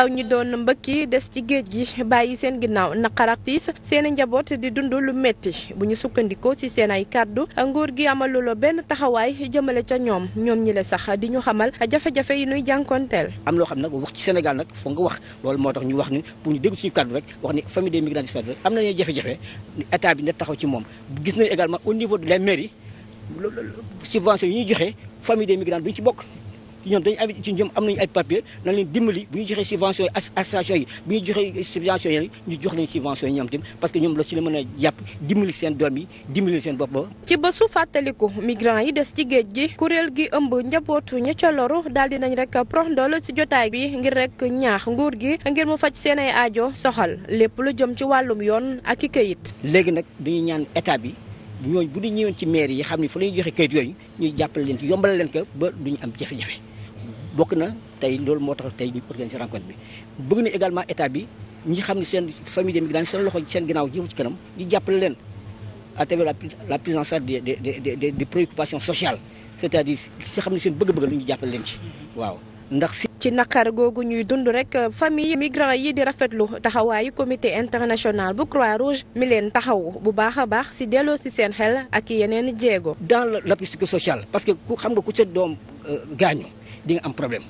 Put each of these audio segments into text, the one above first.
ndaw ñi doon mbëkki des ci géej gi bàyyi seen ginnaaw naqar ak tiis seen njaboot di dund lu metti bu ñu sukkandikoo ci seen ay kàddu nguur gi amaluloo benn taxawaay jëmale ca ñoom ñoom ñi le sax di ñu xamal jafe-jafe yi nuy jànkoonteel am loo xam nag wax ci Sénégal nag foog nga wax loolu moo tax ñu wax ni pour ñu dégg suñu kàddu rek wax ni famille des migrants disparus am nañu jafe-jafe état bi na taxaw ci moom gis nañu également au niveau de la mairie subvention yi ñuy joxe famille des migrants duñ ci bokk ci ñoom dañu am ci jëm am nañu ay papier na leen dimbali bu ñu joxee subvention yi association yi bu ñu joxee subvention yi ñu jox leen subvention yi ñoom tamit parce que ñoom la ci la mën a seen doom yi dimbali seen bopp ci bésu fàttaliku migrants yi des ci géej gi kuréel gi ëmb njabootu ña ca loru daal di nañ rek proxndol ci jotaay bi ngir rek ñaax nguur gi ngir mu faj seen ay soxal lépp lu jëm ci wàllum yoon ak i këyit. léegi nag dañuy ñaan état bi. ñooñu bu ñu ñëwoon ci maire yi xam ne fa la ñuy joxe kayit yooyu ñuy jàppale leen ci yombalal leen ko ba duñu am jafe-jafe bokk na tey loolu moo tax tey ñu organiser rencontre bi bëgg na également état bi ñi xam ne seen famille des migrants seen loxo seen ginnaaw jëm ci kanam ñu jàppale leen à travers la prise en charge des des des préoccupations c'est-à-dire si xam ne seen bëgg-bëgg lu ñu jàppale leen ci waaw ndax. ci naqar googu ñuy dund rek famille migrant yi di rafetlu taxawaayu comité international bu croix rouge mi leen taxaw bu baax a baax si delloo si seen xel ak yeneen jéego. dans l' appui psychosocial parce que ku xam nga ku sa doom euh, gaañu di nga am problème.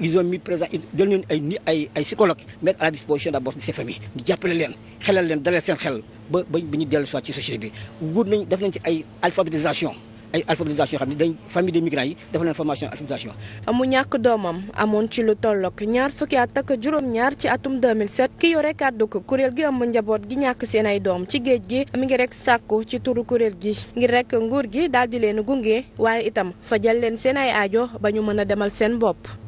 ils ont mis présent jël ñun ay ni ay ay psychologue mettre à la disposition d'abord de ces familles ñu jàppale leen xelal leen dalal seen xel ba ba ñu dellu soit ci société bi wut nañ def nañ ci ay alphabétisation ay alphabétisation xam ne dañ famille des migrants yi dafa leen formation alphabétisation. mu ñàkk doomam amoon ci lu tollook ñaar fukki at ak juróom-ñaar ci atum 2007 ki yore kàddu ko kuréel gi ëmb njaboot gi ñàkk seen ay doom ci géej gi mi ngi rek sàkku ci turu kuréel gi ngir rek nguur gi daal di leen gunge waaye itam fajal leen seen ay aajo ba ñu mën a demal seen bopp.